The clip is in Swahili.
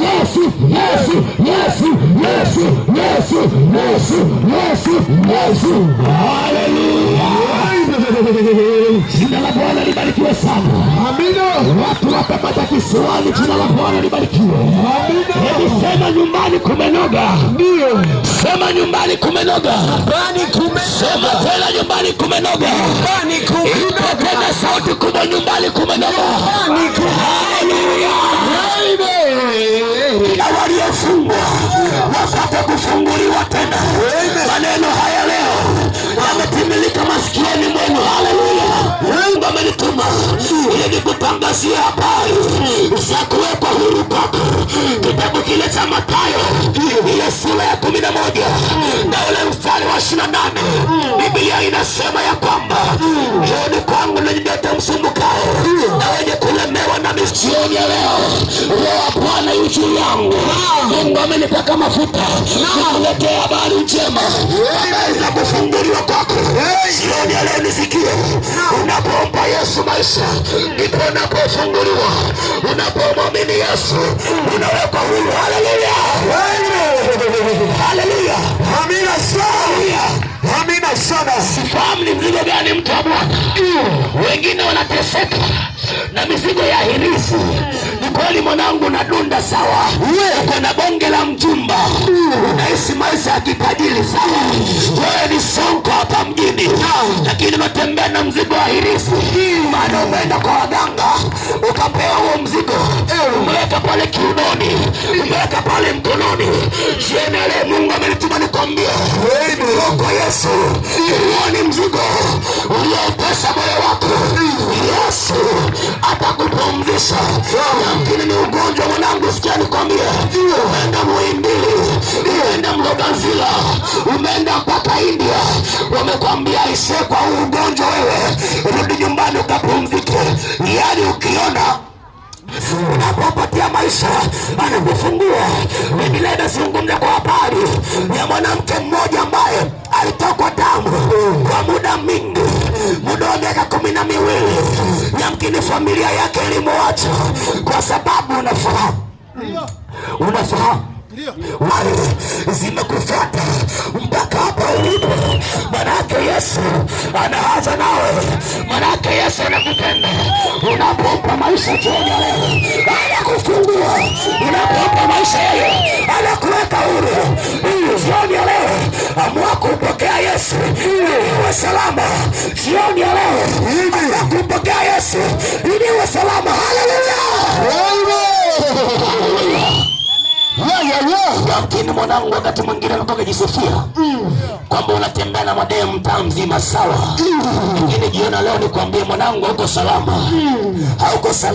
Yesu, Yesu, Yesu, Yesu, Yesu, Yesu, Yesu, Yesu. Haleluya. Jina la Bwana libarikiwe sana. Amina. Watu wa Tabata jina la Bwana libarikiwe. Amina. Hebu sema nyumbani kumenoga. Ndio. Sema nyumbani kumenoga. Nyumbani kumenoga. Sema tena nyumbani kumenoga. Nyumbani kumenoga. Ipo tena sauti kubwa nyumbani kumenoga. Nyumbani kumenoga. Haleluya na waliofungwa wapate kufunguliwa tena. Maneno haya leo yametimilika masikioni mwenu. Haleluya! Mungu amenituma ili nikutangazia habari za kuwekwa huru kwako. Kitabu kile cha Mathayo ile sura ya kumi na moja na ule mstari wa ishirini na nane Biblia inasema ya kwamba njoni kwangu ninyi nyote msumbukao na wenye kulemewa na mizigo ya leo juu yangu. Mungu amenipaka mafuta nikuletee habari njema, imeweza kufunguliwa kwako jioni ya leo. Nisikie, unapompa Yesu maisha ndipo unapofunguliwa. Unapomwamini Yesu unawekwa huru. Haleluya, haleluya, amina sana. Amina sana. Sifahamu ni mzigo gani mtu wa Bwana. Wengine wanateseka na mizigo ya hirizi kweli mwanangu, nadunda sawa, uko na bonge la mjumba, unaishi maisha ya kitajiri sawa, wewe ni sonko hapa mjini, lakini unatembea na mzigo wa hirisi, hmm. maana umeenda kwa waganga ukapewa huo mzigo, eh. umeweka pale kiunoni, hmm. umeweka pale mkononi. Jenerali Mungu amenituma nikwambie kwa Yesu, hmm. huo ni mzigo uliopesa moyo wako Yesu kukutikisa. Yamkini ni ugonjwa mwanangu, sikia nikwambie, umeenda Muhimbili, umeenda Mloganzila, umeenda mpaka India, wamekwambia ise kwa huu ugonjwa wewe, rudi nyumbani ukapumzike. Yani ukiona unapopatia maisha anakufungua. Mimi leo nazungumza kwa habari ya mwanamke mmoja ambaye alitokwa damu kwa muda mingi, muda wa miaka kumi na miwili yamkini familia yake ilimwacha, kwa sababu unafahamu, unafahamu wale zimekufuata mpaka hapa ulipo. Manake Yesu anaanza nawe, manake Yesu anakupenda. Unapompa maisha tena, anakufungua. Unapompa maisha yeye, anakuweka huru. Hii jioni ya leo, amua kumpokea Yesu iwe salama jioni ya leo. Lakini mwanangu, wakati mwingine anatoka jisifia kwamba unatembea na mademu mtaa mzima, sawa, mm. lakini jiona leo nikwambie mwanangu, hauko salama, hauko salama.